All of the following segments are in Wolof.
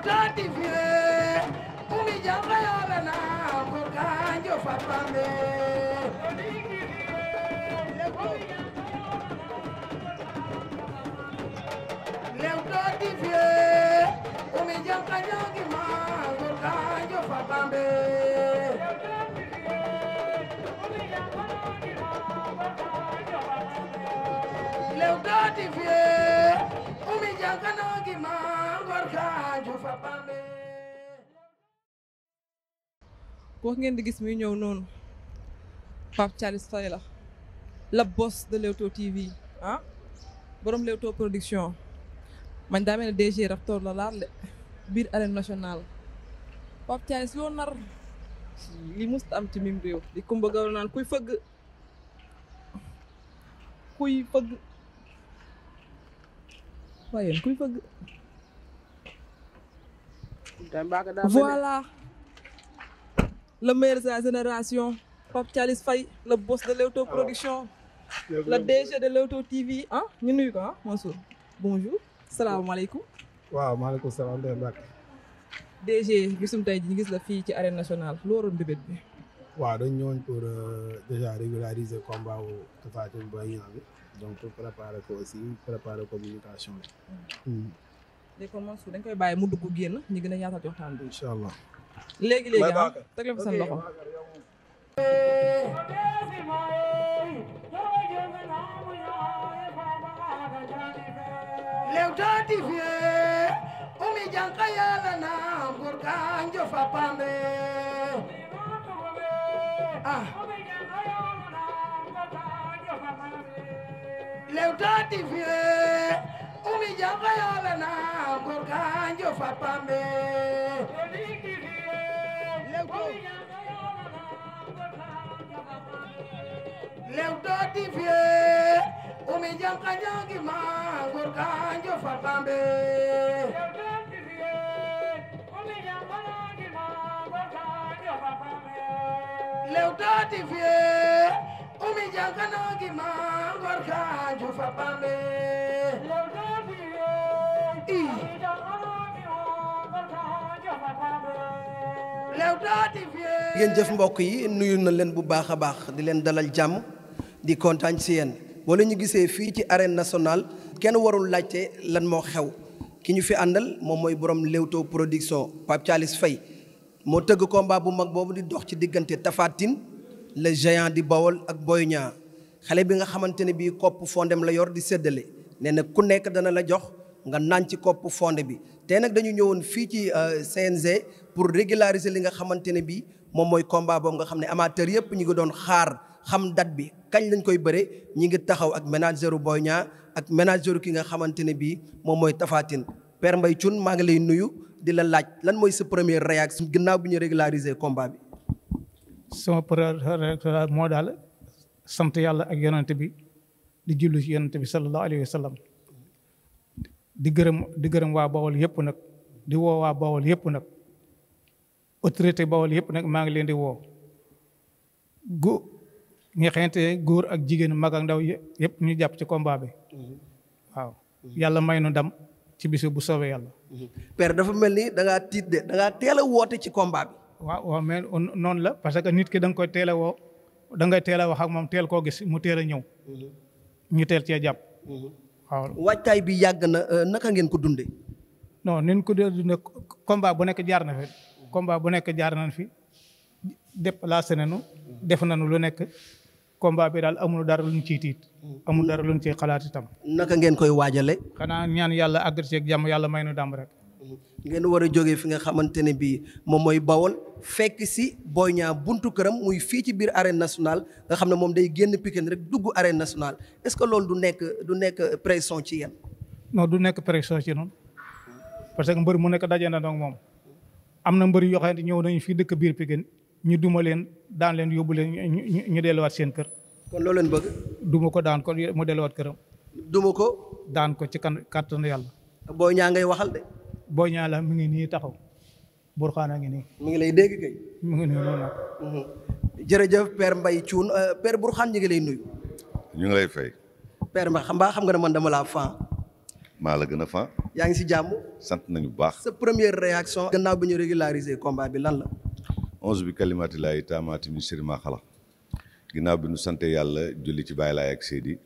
tatifire tuli janga yala na korkanjo fapambe lew tatifire umi janga jangi ma korkanjo fapambe lew tatifire umi janga nangi ma wax ngeen di gis muy ñëw noonu Pape Thialis Faye la la boss de Leewtoo TV ah borom Leewtoo production man daa mel ne DG Raptor la laal biir arène national Pape Thialis loo nar li musta am ci réew di kumba gaw kuy fëgg kuy fëgg waaye kuy fëgg voilà le maire la génération Pape Thialis Faye le boss de l'auto production le DG de l'auto TV ah ñu nuyu ko ah Mansour bonjour maaleykum salaam Ndeye Mbacke DG bisum tey ji ñu gis la fii ci arène national looroon bébét bi waaw dañ ñëwoon pour euh, déjà régulariser combat wu Tapha Tine Boy Niang donc pour préparer ko aussi préparer communication léegi kon Mansour dañ koy bàyyi mu dugg génn ñu gën a yaatal ci waxtaan bi incha allah léegi léegi ah mi janga yala lew do di fie o mi janga jangi fa pambe lew do di fie o mi janga nangi fa pambe ngeen jëf mbokk yi nuyu na leen bu baax a baax di leen dalal jàmm di kontaan si yéen wala ñu gisee fii ci arène national kenn warul laajte lan moo xew ki ñu fi àndal moom mooy borom Leewtoo production Pape Thialis Faye moo tëgg combat bu mag boobu di dox ci diggante Tapha Tine le géant di Bawol ak Boy Niang xale bi nga xamante ne bii fonde fondem la yor di seddale nee na ku nekk dana la jox nga naan ci kopp fonde bi tey nag dañu ñëwoon fii ci euh, CNG pour régulariser li nga xamante ne bii moom mooy combat boobu nga xam ne amateur yëpp ñu ngi doon xaar xam date bi kañ lañ koy bëre ñi ngi taxaw ak manageru Boy ñaa ak manageru ki nga xamante ne bii moom mooy Tapha Tine Père maa ngi lay nuyu di la laaj lan mooy sa première réaction ginnaaw bi ñu régulariser combat bi. sama première moo daal sant yàlla ak yonante bi di jullu ci bi sallallahu alayhi wa di gërëm di gërëm waa Bawol yëpp nag di woo waa yëpp nag. autorité Bawol yëpp nag maa ngi leen di woo gu nga xamante góor ak jigéen mag ak ndaw yëpp ñu jàpp ci combat bi mm-hmm. waaw mm-hmm. yàlla may nu ndam ci bisu bu soobee yàlla. Mm-hmm. dafa mel ni da ngaa a woote ci combat bi. waaw waaw noonu la parce que nit ki da nga koy teel a woo da ngay teel a wax moom teel koo gis mu teel a ñëw. ñu teel cee jàpp. waaw waajtaay bi yàgg na euh, naka ngeen ko dunde non ni ñu ko dundee bu nekk jaar na fi. combat bu nekk jaar nañ fi déplacé nañu def nu lu nekk combat bi daal amul dara lu luñ ciy tiit amul dara luñ ciy xalaat itam. naka ngeen koy waajale xanaa ñaan yàlla àgg ci jàmm yàlla may nu dàmb rek. ngeen war a jógee fi nga xamante ne bii moom mooy Bawol fekk si Boy Niang buntu këram muy fii ci biir arène nationale nga xam ne moom day génn Pikine rek dugg arène nationale est-ce que loolu du nekk du nekk pression ci yéen. non du nekk pression ci noonu que mbër mu nekk daje na donc moom. am na mbëri yoo xam ne ñëw nañu fii dëkk biir Pikine ñu duma leen daan leen yóbbu leen ñu ñu delluwaat seen kër. kon loolu leen bëgg. duma ko daan ko mu delluwaat këram. duma ko. daan ko ci kan kàttan yàlla. boo ñaa ngay waxal de. boo ñaa la mi ngi nii taxaw. Burxaan a ngi nii. mu ngi lay dégg kay. mi ngi nii noonu mhm. jërëjëf Père Mbaye Thioune euh, Père Burxaan ñu ngi lay nuyu. ñu ngi xam baa xam nga ne man dama laa fan maa la gën a fa yaa ngi si jàmm. sant nañu bu baax. sa première réaction. gannaaw bi ñu régulariser combat bi lan la. onze bi kalimaati laay taamaati min sharri maa xalaq ginnaaw bi nu sante yàlla julli ci Baay Laay ak Seydi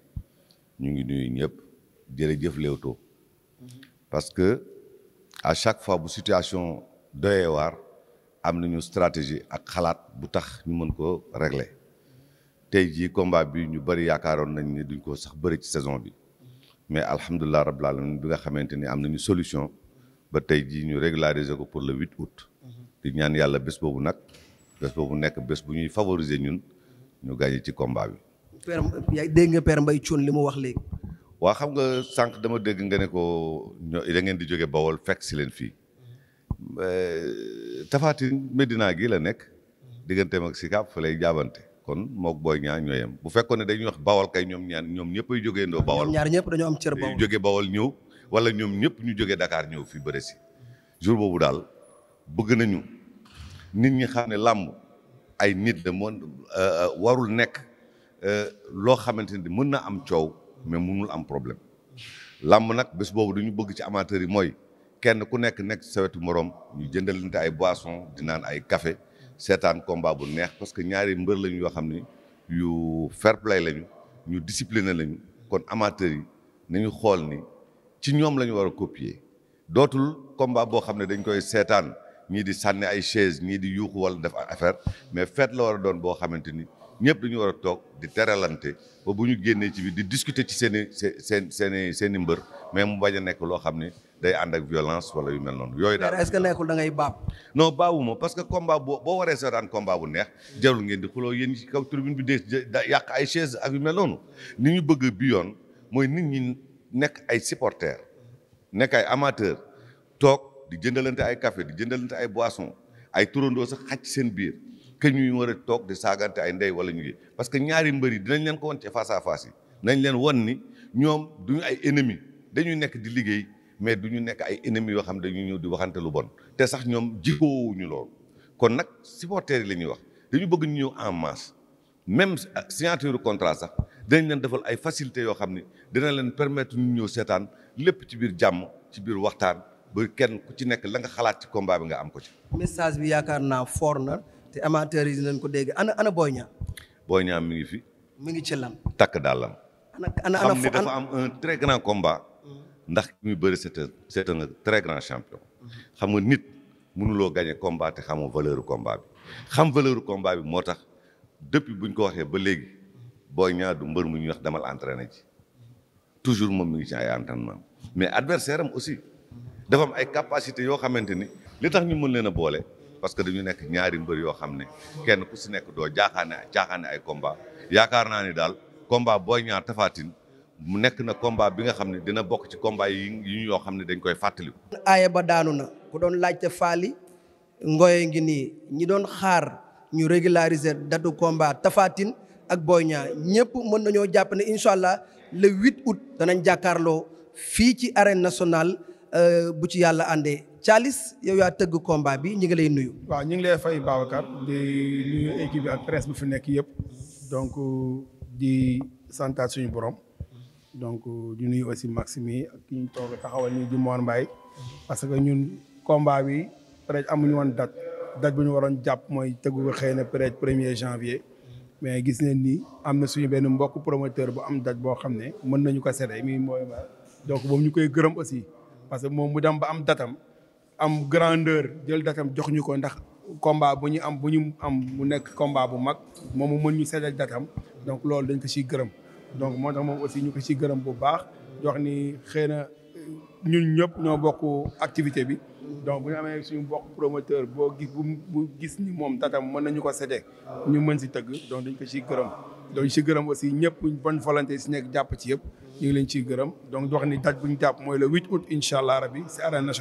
ñu ngi nuyu ñëpp jërëjëf Leewtoo parce que à chaque fois bu situation doyee waar am nañu stratégie ak xalaat bu tax ñu mën ko régler tey jii combat bi ñu bëri yaakaaroon nañ ni duñ ko sax bëri ci saison bi. mais alhamdulilah rabbil alamin bi nga xamante ni am nañu solution ba tey jii ñu régulariser ko pour le huit août. di ñaan yàlla bés boobu nag bés boobu nekk bés bu ñuy favoriser ñun ñu gagné ci combat bi. père dégg nga père Mbaye Thion li mu wax léegi. waa xam nga sànq dama dégg nga ne ko ñoo da ngeen di jóge Bawol fekk si leen fii euh, Tapha Tine Medina gi la nekk mm-hmm. digganteem ak Sicap fa lay jaabante kon mook booy ñaar ñoo bu fekkoon ne dañuy wax bawal kay ñoom ñaar ñoom ñëpp ay jógee ndoo ñaar ñëpp dañoo am cër bawal jóge bawal wala ñoom ñëpp ñu jógee Dakar ñëw fi bëre si boobu daal bëgg nañu nit ñi xam ne làmb ay nit de moom euh, euh, warul nekk euh, loo xamante ni mën na am coow mais mënul am problème làmb nag bés boobu dañu bëgg ci amateurs yi mooy kenn ku nekk nekk sa morom moroom ñu jëndalante ay boisson di naan ay kafe seetaan combat bu neex parce que ñaari mbër lañ yoo xam ne yu fair play lañu ñu discipliné lañu kon amateurs yi nañu xool ni ci ñoom la ñu war a copier dootul combat boo xam ne dañ koy seetaan ñii di sànni ay chaise ñii di yuuxu wala def affaire mais fête la war a doon boo xamante ni ñëpp dañu war a toog di teralante ba bu ñu génnee ci biir di discuter ci seen i seen seen i seen i mbër mais mu bañ a nekk loo xam ni day ànd ak violence wala yu mel noonu yooyu daal est-ce que nekkul da ngay baab non parce que combat boo boo waree seetaan combat bu neex jarul ngeen di xuloo yéen ci kaw tribune bi dee yàq ay chaise ak yu mel noonu ni ñu bëgg bi yoon mooy nit ñi nekk ay supporter nekk ay amateur toog di jëndalante ay café di jëndalante ay boisson ay turandoo sax xaj seen biir que ñuy war a toog di saagante ay ndey walla ñu parce que ñaari mbër yi dinañ leen ko won ci nañ leen won ni ñoom duñu ay ennemi dañuy nekk di liggéey mais du ñu nekk ay ennemis yoo xam ne dañu ñëw di waxante lu bon te sax ñoom jikkoowuñu loolu kon nag supporters yi ñuy wax dañu bëgg ñu ñëw en masse même signature contrat sax dinañ leen defal ay facilités yoo xam ni dina leen permettre ñu ñëw seetaan lépp ci biir jàmm ci biir waxtaan ba kenn ku ci nekk la nga xalaat ci combat bi nga am ko ci. message bi yaakaar naa foor na te amateurs yi dinañ ko dégg ana ana Boy Niang. Boy Niang mi ngi fi. mi ngi ci lan. takk daalam ana ana ana am un très grand combat. ndax muy bëri c'est un c'est un très grand champion. xam nga nit mënuloo gagner combat te xamoo valeur combat bi. xam valeur combat bi moo tax depuis buñ ko waxee ba léegi booy ñaar du mbër mu ñuy wax damal entraîné ci toujours moom mi ngi ci ay entraînement mais adversaire am aussi dafam ay capacité yoo xamante ni li tax ñu mën leen a boole parce que dañu nekk ñaari mbër yoo xam ne kenn ku si nekk doo jaaxaane caaxaane ay combat yaakaar naa ni daal combat booy ñaar Tapha mu nekk na combat bi nga xam ne dina bokk ci combat yi yi yoo xam ne dañ koy fàttaliku. aaye ba daanu na ku doon laajte faali ngoye ngi nii ñi doon xaar ñu régulariser datu combat tafaatin ak Boy Niang ñëpp mën nañoo jàpp ne incha allah le 8 août danañ jàkkaarloo fii ci arène nationale euh, bu ci yàlla àndee Thialis yow yaa tëgg combat bi ñu ngi lay nuyu. waaw ñu ngi lay fay Babacar di nuyu équipe bi ak presse bu fi nekk yëpp donc di santaat suñu borom. donc di nuyu aussi Maxime ak ki ñu toog taxawal nii di mbaay parce que ñun combat bi peut-être amuñu wan date date bu ñu waroon jàpp mooy tegu ko xëy na peut-être premier janvier. mais gis nañ ni am na suñu benn mbokk promoteur bu am date boo xam ne mën nañu ko sede mi mooy donc moom ñu koy gërëm aussi parce que moom mu dem ba am datam am grandeur jël datam jox ñu ko ndax combat bu ñu am bu ñu am mu nekk combat bu mag moom mu mën ñu sede datam donc loolu dañ ko ciy gërëm. donc moo tax moom aussi ñu ko ci gërëm bu baax di wax ni xëy na euh, ñun ñëpp ñoo bokk activité bi donc bu ñu amee suñu bokk promoteur boo gis bu gis ni moom tatam mën nañu ko séddee ñu mën si tëgg donc dañ ko ciy gërëm donc si gërëm aussi ñëpp bonne volonté si nekk jàpp ci yëpp ñu ngi ciy gërëm donc di ni date bu ñu jàpp mooy le huit août incha allah rabi si arène bi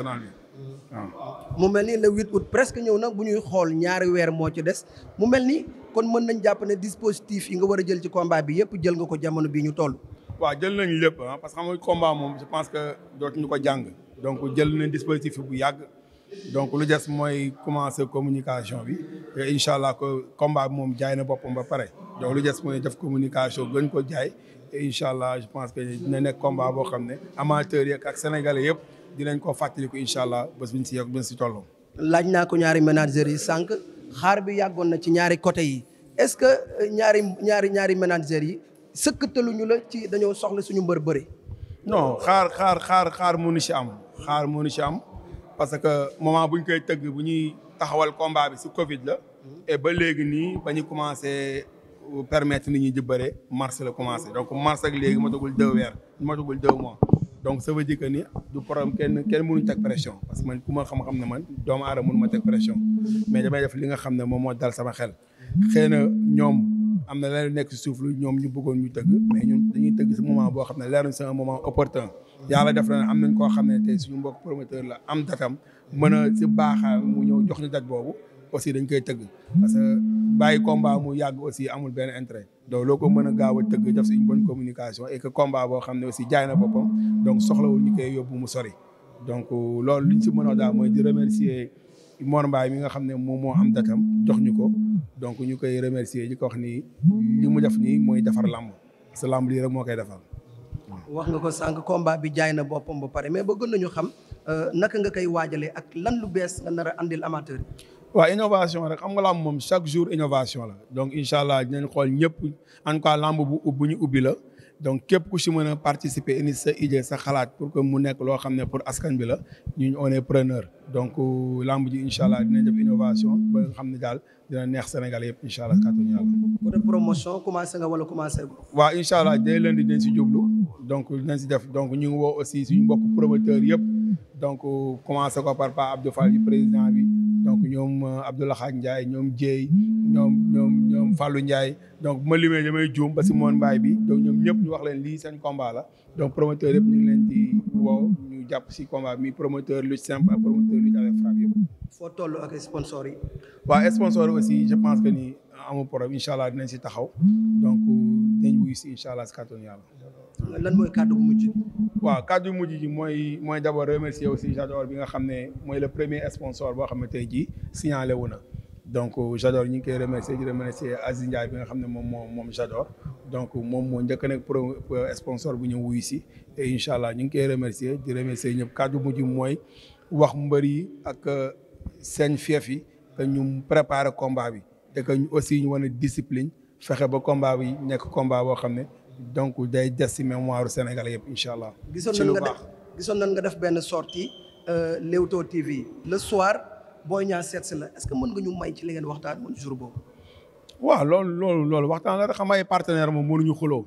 waaw. mu mel ni le huit août presque ñëw nag bu ñuy xool ñaari weer moo ci des mu mel ni kon mën nañ jàpp ne dispositif yi nga war a jël ci combat bi yëpp jël nga ko jamono bi ñu toll. waa jël nañ lépp ah parce que xam moom je pense que dootuñu ko jàng. donc jël nañ dispositif bu yàgg. donc lu des mooy commencer communication bi te incha allah que combat moom jaay na boppam ba pare. donc lu des mooy def communication gën ko jaay incha allah je pense que dina nekk boo xam ne amateurs yeeg ak sénégalais yëpp dinañ ko fàttaliku incha allah ba bu ñu si yegg bu si tolloo. laaj naa ko ñaari managers yi sànq. xaar bi yàggoon na ci ñaari côté yi est-ce que euh, ñaari ñaari ñaari manager yi sëkkataluñu la ci dañoo soxla suñu mbër bëri. non xaar xaar xaar xaar mënu si am xaar mënu si am parce que moment buñ koy tëgg bu ñuy taxawal combat bi si Covid la. et ba léegi nii ba ñu commencé euh, permettre nit ñi di bëre mars la commencé donc mars ak léegi ma tagul deux weer ma tagul deux mois. donc ça veut ni du problème kenn kenn mënuñ teg pression parce que man ku ma xam-xam ne man doomu aadama mënu ma teg pression mais damay def li nga xam ne moom moo dal sama xel xëy na ñoom am na leneen nekk si suuf lu ñoom ñu bëggoon ñu tëgg mais ñun dañuy tëgg si moment boo xam ne leer na c'est un moment opportun yàlla def na am nañ ko xam ne tey suñu mbokk promoteur la am datam mën a si baaxaa mu ñëw jox ñu date boobu aussi dañ koy tëgg parce que bàyyi combat mu yàgg aussi amul benn intérêt donc loo ko mën a gaaw a tëgg def si une bonne communication et que boo xam ne aussi jaay na boppam donc soxlawul ñu koy mu sori donc loolu li ñu si mën a mooy di remercier Mor Mbaye mi nga xam ne moom moo am datam jox ko donc ñu koy remercier di ko wax ni li mu def nii mooy defar làmb sa làmb lii rek moo koy defar. wax nga ko sànq combat bi jaay na boppam ba pare mais bëggoon ñu xam euh, naka nga koy waajalee ak lan lu bees nga nar andil amateur waa innovation rek xam nga làmb moom chaque jour innovation la donc incha allah dinañ xool ñëpp en tout cas bu bu ñu ubbi la donc képp ku si mën a participer indi sa idée sa xalaat pour que mu nekk loo xam ne pour askan bi la ñu on est preneur donc euh, làmb ji incha allah dinañ def innovation ba xam ne daal dina neex Sénégal yëpp incha allah kàttanu yàlla. côté promotion commencé nga wala commencé. waaw incha allah dès lundi dinañ si jublu donc dinañ si donc ñu ngi woo aussi suñu mbokk promoteur yëpp donc euh, commencé ko par Pa Abdou Fall président bi. donc ñoom euh, Abdoulaye Khak Ndiaye ñoom Dieye ñoom ñoom ñoom Fallou donc bu ma limee damay juum ba si moon mbaay bi donc ñoom ñëpp ñu wax leen lii seen la donc promoteur yëpp ñu ngi leen di woo ñu jàpp si combat mi promoteur lu simple ak promoteur lutte avec yëpp. foo toll ak sponsor yi. waaw sponsor aussi je pense que ni amul problème incha allah dinañ si taxaw donc euh, dinañ wuyu si incha allah si kàttanu yàlla. lan mooy kàddu mujj waaw kàddu bu mujj ji mooy mooy d'abord remercier aussi Jador bi nga xam ne mooy le premier sponsor boo xam ne tey jii signalé wu na donc euh, Jador ñu ngi koy remercier di remercier Aziz Ndiaye bi nga xam ne moom moom moom Jador donc moom moo njëkk nag pro sponsor bu ñëw wuyu si te incha allah ñu ngi koy remercier di remercier ñëpp kàddu bu mujj mooy wax mbër yi ak euh, seen fief yi que ñu préparer combat bi te que aussi ñu wane discipline fexe ba combat bi nekk combat boo xam ne donc day des ci mémoire Sénégal yëpp incha allah. gisoon nan nga def benn sortie euh, Leewtoo TV le soir Boy Niang seet si la est-ce que mën nga ñu may ci li ngeen waxtaan woon jour boobu. waaw loolu loolu loolu waxtaan la xam ay partenaire moom mënuñu xuloo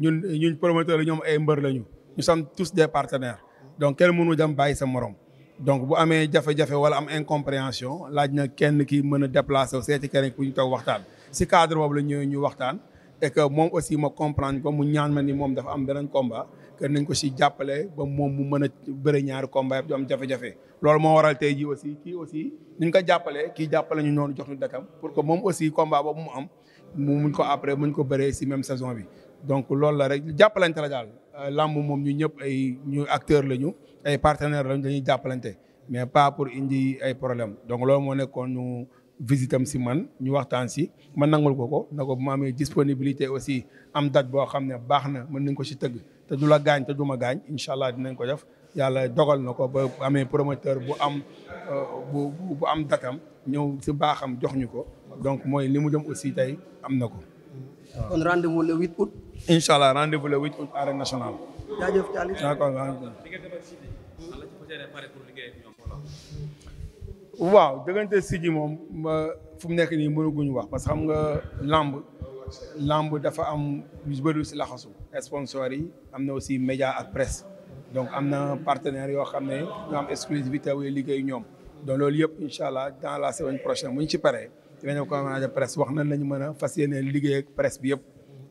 ñun ñun promoteur la ñoom ay mbër lañu ñu sommes tous des partenaires donc kenn mënu dem bàyyi sa morom donc bu amee jafe-jafe wala am incompréhension laaj na kenn ki mën a déplacer seeti keneen ku ñu toog waxtaan si cadre boobu la ñu ñu waxtaan et que moom aussi ma comprendre ko mu ñaan ma ni moom dafa am beneen combat que nañ ko si jàppale ba moom mu mën a bëre ñaari combat yëpp du am jafe-jafe. loolu moo waral tey jii aussi kii aussi ñu ko jàppale kii jàppale ñu noonu jox ñu dakam pour que moom aussi combat boobu mu am mu muñ ko après muñ ko bëree si même saison bi. donc loolu la rek jàppalante la daal euh, làmb moom ñu ñëpp ay ñu acteur la ñu ay partenaire lañu dañuy jàppalante mais pas pour indi ay problème donc loolu moo nekkoon visitam si man ñu waxtaan si ma nangul ko ko na ko bu ma amee disponibilité aussi am date boo xam ne baax na mën nañ ko si tëgg te du la gaañ te du ma gaañ incha allah dinañ ko def yàlla dogal na ko ba amee promoteur bu am euh, bu am datam ñëw si baaxam jox ñu ko donc mooy li mu dem aussi tey am na ko. kon rendez-vous le 8 août. incha allah rendez-vous le 8 août arène nationale. waaw dëggante Sidi moom fu mu nekk nii mënaguñu wax parce que xam nga lamb lamb dafa am lu bëri si laxasu sponsor yi am na aussi média ak presse donc am na partenaires yoo xam ne ñoo am exclusivité wuy liggéey ñoom donc loolu yëpp incha allah dans la semaine prochaine bu ñu ci pare dinañ ko mën a presse wax nañ lañu mën a fas yéene liggéey ak presse bi yëpp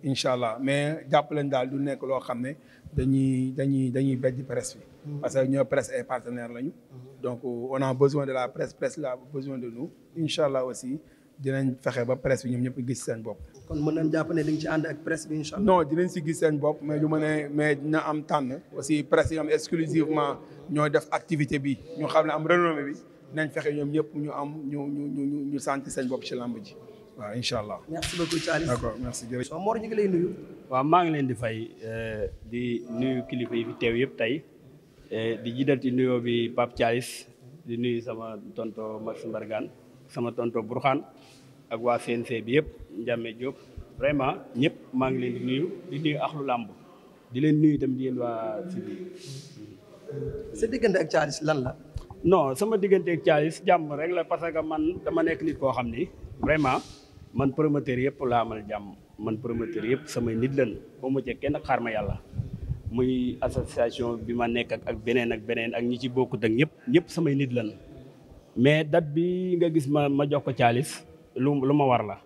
incha allah mais jàpp leen daal du nekk loo xam ne dañuy dañuy dañuy beddi presse bi parce que ñoo presse ay partenaires lañu donc euh, on a besoin de la presse presse la besoin de nous incha allah aussi dinañ fexe ba presse bi ñoom ñëpp gis seen bopp. kon mën nañ jàppane ne di ci ànd ak presse bi incha dinañ si gis seen bopp mais lu ma ne mais dina am tànn aussi presse yi am exclusivement ñoo def activité bi ñu xam ne am renommée bi nañ fexe ñoom ñëpp ñu am ñu ñu ñu ñu sentir seen bopp ci làmb ji waaw incha allah. merci beaucoup Thialis d'accord merci jërëjëf. Mor ñu ngi lay nuyu. waaw maa ngi leen di fay euh, di nuyu kilifa yi fi teew yëpp tey. Eh, di jiital ci nuyoo bi Pape Thialis di nuyu sama tonto Max Mbargane sama tonto Bourkhane ak waa CNC bi yëpp Ndiame Diop vraiment ñëpp maa ngi leen nuyu di nuyu axlu làmb di leen nuyu itam di yéen waa si bi sa diggante ak Thialis lan la. non sama diggante ak Thialis jàmm rek la parce que man dama nekk nit koo xam ni vraiment man promoteur yëpp laa amal jàmm man promoteur yëpp samay nit lan ba mu ci kenn xaar ma yàlla. muy association bi ma nekk ak ak beneen ak beneen ak ñi ci bokkut ak ñëpp ñëpp samay nit lan mais date bi nga gis ma ma jox ko caalis lu lu ma war la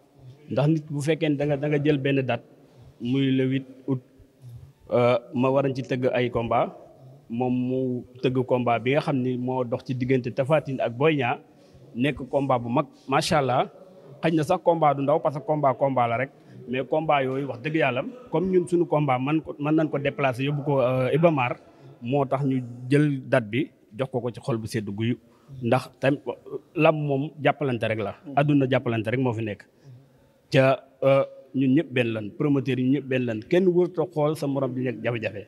ndax nit bu fekkee ne da nga da nga jël benn dat muy le huit août euh, ma waran ci tëgg ay combat moom mu tëgg combat bi nga xam ni moo dox ci diggante tafaatin ak Boy Niang nekk combat bu mag macha allah xëy na sax combat du ndaw parce que combat combat la rek mais combat yooyu wax dëgg yàlla comme ñun suñu combat man ko mën nañ ko déplacer yóbbu ko euh, Ibamar moo tax ñu jël date bi jox ko ko ci xol bu sedd guyu ndax tam euh, lam moom jàppalante rek la. àdduna jàppalante rek moo fi nekk. ca euh, ñun ñëpp benn lan promoteur yi ñëpp benn lan kenn wërta xool sa morom di nekk jafe-jafe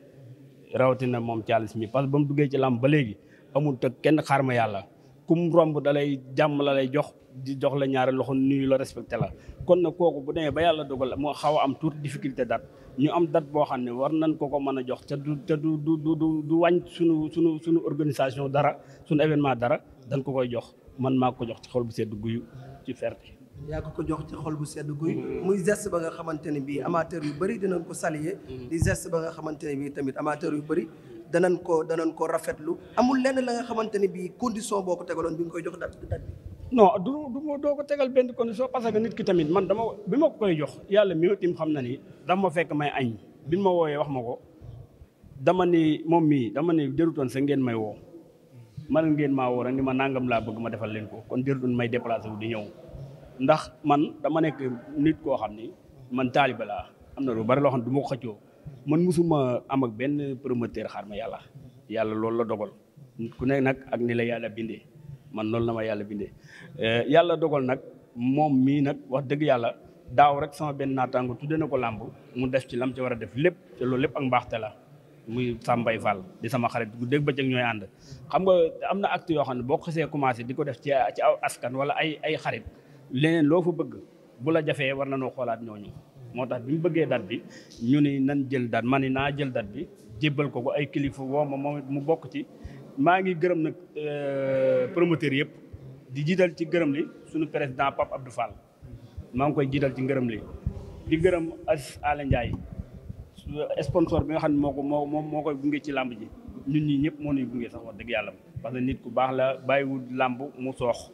rawatina moom Thialis mi parce que ba mu duggee ci lam ba léegi amul te kenn xaar ma yàlla. kum romb dalay jàmm la jox di jox la ñaari loxo nuyu la respecté la kon na kooku bu demee ba yàlla dogal moo xaw a am tuuti difficulté date ñu am date boo xam ne war nañ ko ko man a jox te du te du du du du wàññ suñu suñu suñu organisation dara suñu événement dara dañ ko koy jox man maa ko jox ci xol bu sedd guyu ci ferte yaa ko ko jox ci xol bu sedd guy muy geste ba nga xamante ne bii amateur yu bëri dinañ ko saluer di geste ba nga xamante ne tamit amateur yu bëri danañ ko danañ ko rafetlu amul lenn la nga xamante ni bii condition boo ko tegaloon bi nga koy jox date date non du du ma doo ko tegal benn condition parce que nit ki tamit man dama bi ma ko koy jox yàlla mi tim xam na ni dama fekk may añ bi ma wooyee wax ma ko dama ni moom mii dama ni jërutoon sa ngeen may woo man ngeen maa woo rek ni ma nangam laa bëgg ma defal leen ko kon jërutoon may déplacé wu di ñëw ndax man dama nekk nit koo xam ni man taaliba laa am na lu bare loo xam du ma ko man mosuma am ak benn promoteur xaar ma yàlla yàlla loolu la dogal ku nekk nag ak ni la yàlla bindee man noonu la ma yàlla bindee eh, yàlla dogal nag moom mii nag wax dëgg yàlla daaw rek sama benn naataango tudde na ko làmb mu def ci lam ci war a def lépp te loolu lépp ak mbaaxte la muy Sambay Fall di sama xarit bu ba bëccëg ñooy ànd xam nga am na act yoo xam ne boo xasee commencé di ko def ci ci aw askan wala ay ay xarit leneen loo fa bëgg bu la jafee war na noo xoolaat ñooñu moo tax bi mu bëggee date bi ñu ne nan jël date ma ne naa jël date bi jébbal ko ko ay kilifa woo ma moom mu bokk ci. maa ngi gërëm nag euh, promoteur yëpp di jiital ci gërëm li suñu président Pape Abdou Fall maa ngi koy jiital ci ngërëm li di gërëm Aziz Ala su sponsor bi nga xam ne moo ko moo moo koy gungee ci làmb ji ñun ñi ñëpp moo ñuy gungee sax wax dëgg yàlla parce que nit ku baax la bàyyiwul làmb mu soox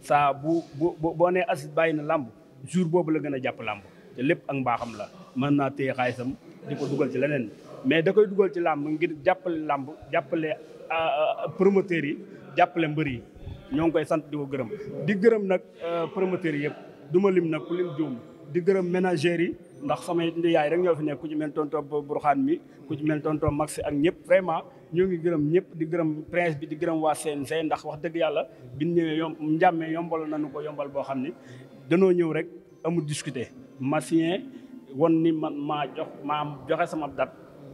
saa bu bu boo nee Aziz bàyyi na làmb jour boobu la gën a jàpp làmb te lépp ak mbaaxam la man naa téye xaalisam di ko dugal ci leneen mais da koy dugal ci làmb ngir jàppale làmb jàppale euh, euh, promoteurs yi jàppale mbër yi ñoo ngi koy sant di ko gërëm di gërëm nag euh, promoteurs yi yëpp du lim nag ku lim juum di gërëm ménager yi ndax samay yaay rek ñoo fi nekk ku ci mel tonton Burxaan mi ku ci mel tonton Max ak ñëpp vraiment ñoo ngi gërëm ñëpp di gërëm prince bi di gërëm waa seen CNG ndax wax dëgg yàlla biñ ñëwee yom njàmmee yombal nañu ko yombal boo xam ni danoo ñëw rek amul discuter ma signé won ni man maa jox maa joxe sama date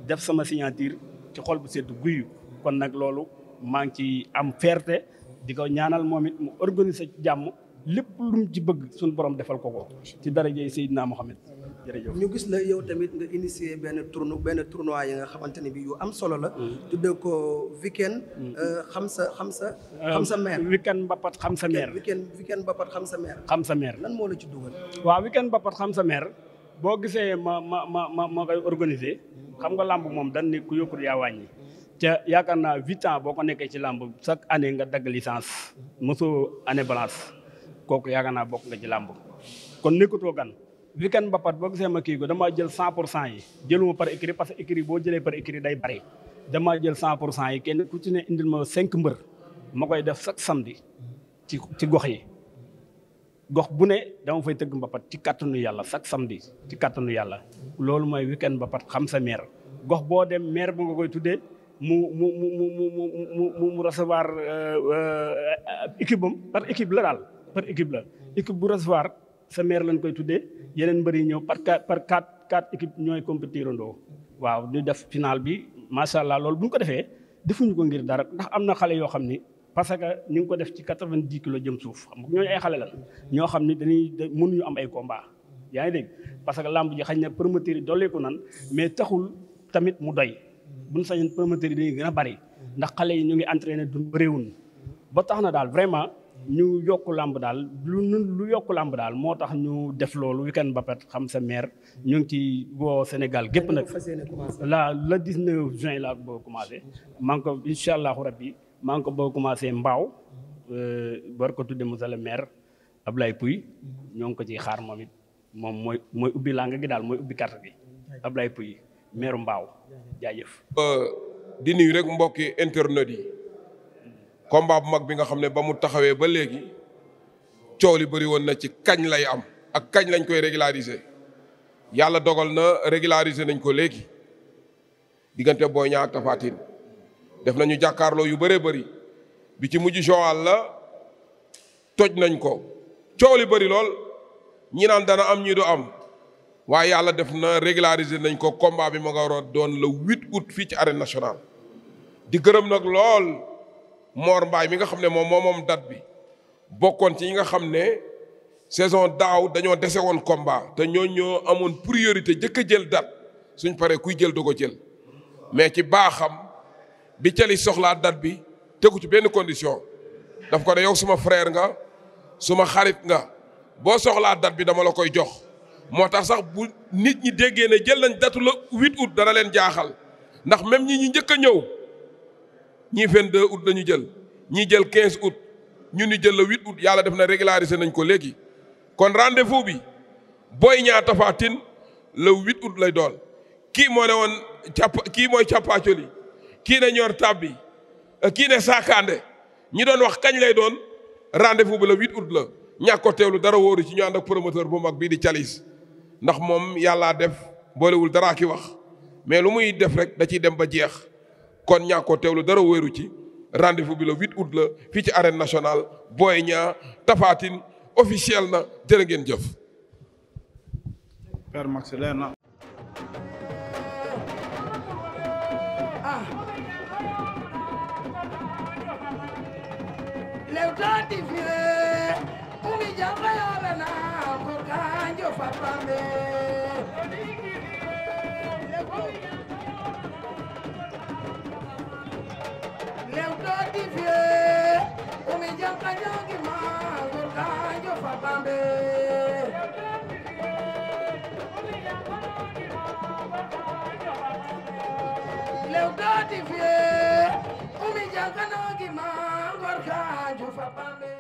def sama signature ci xol bu sedd guyu kon nag loolu maa ngi ci am fierté di ko ñaanal moom it mu organiser ci jàmm lépp lu mu ci bëgg sunu borom defal ko ko ci dara darajey Seydina Mohamed jërëjëf ñu gis la yow tamit nga initier benn tournoi benn tournoi nga xamante ni bi yu am solo la. Mm. tuddee ko weekend. Mm. Euh, xam sa xam sa. Euh, xam sa maire weekend mbapat xam sa maire. weekend weekend mbapat xam sa maire. xam sa maire moo la ci dugal. waaw weekend mbapat xam sa maire boo gisee ma ma ma ma ma koy organiser xam nga làmb moom dan ne ku yokkul yaa yi ca yaakaar naa huit ans boo ko nekkee ci làmb chaque année nga dagg licence mosoo année balance kooku yaakaar naa bokk nga ci làmb kon nekkutoo gan. weekend mbapat boo gisee ma kii ko damaa jël cent pour cent yi jëluma par écrit parce que écrit boo jëlee par écrit day bari damaa jël cent pour cent yi kenn ku ci ne indil ma cinq mbër ma koy def chaque samedi ci ci gox yi gox bu ne dama fay tëgg mbappat ci kàttanu yàlla chaque samedi ci kàttanu yàlla loolu mooy weekend mbapat xam sa maire gox boo dem maire bu nga koy tuddee mu mu mu mu mu mu mu recevoir euh, euh, équipe am par équipe la daal par équipe la équipe bu recevoir sa maire lañ koy tuddee yeneen mbër yi ñëw par quatre par quatre quatre équipes ñooy compétirandoo waaw ñu def finaal bi macha allah loolu bu ñu ko defee defuñu ko ngir dara ndax am na xale yoo xam ni parce que ñu ngi ko def ci quatre-vingt-dix kilos jëm suuf xam ñooñu ay xale lan ñoo xam ni dañuy mënuñu am ay combat yaa ngi dégg parce que làmb ji xañ na promoteur yi dolleeku nan mais taxul tamit mu doy bu sañoon promoteur yi dañuy gën a bari ndax xale yi ñu ngi entraîné du réewun ba tax na daal vraiment ñu yokk làmb daal lu lu yokk làmb daal moo tax ñu def loolu weekend mbapat xam sa maire ñu ngi ci woo Sénégal gépp nag la le 19 juin laa ko bëgg commencé maa ngi ko incha allahu rabbi maa ngi ko bëgg commencé mbaaw euh, war ko tudde monsieur le maire Ablaye Pouy ñoo ngi ko ciy xaar moom it moom mooy mooy ubbi làng gi daal mooy ubbi carte bi Ablaye Pouy maire mbaaw jaajëf euh, di rek mbokki internet yi combat bu mag bi nga xam ne ba mu taxawee ba léegi coow li bëri woon na ci kañ lay am ak kañ lañ koy régulariser yàlla dogal na régulariser nañ ko léegi diggante Boy Niang ak Tapha def nañu jàkkaarloo yu bëree bari bi ci mujj Joal la toj nañ ko coow li bari lool ñi naan dana am ñii du am waaye yàlla def na régulariser nañ ko combat bi ma nga waroon doon le 8 août fii ci arène nationale di gërëm nag lool. Mor Mbaay mi nga xam ne moom moo moom date bi bokkoon ci ñi nga xam ne saison daaw dañoo dese woon combat te ñoo ñoo amoon priorité jëkk a jël date suñ paree kuy jël du ko jël mais ci baaxam bi cali soxlaa dat bi tegu ci benn condition daf ko ne yow suma frère nga suma xarit nga boo soxlaa date bi dama la koy jox moo tax sax bu nit ñi déggee ne jël nañ datu la 8 août dana leen jaaxal ndax même ñi ñi njëkk a ñëw ñii 22 août dañu jël ñii jël 15 août ñu ni jël la 8 août yàlla def na régulariser nañ ko léegi kon rendez-vous bi Boy Niang Tapha Tine le 8 août lay doon kii moo ne woon càpp kii mooy càppaacoli kii ne ñor tab bi euh, kii ne saakaande ñi doon wax kañ lay doon rendez-vous la le 8 la ñàkk ko teewlu dara wóoru ci ñu ànd ak bu mag bii di calis ndax moom yàllaa def boolewul daraa ki wax mais lu muy def rek da ciy dem ba jeex kon ñaa ko dara wéeru ci rendez-vous bi le 8 août la fii ci arène nationale Boy Niang Tapha Tine officiel na jërë jëf. Leewtoo TV umi jàngano gi ma ngor ka ju fa Bambey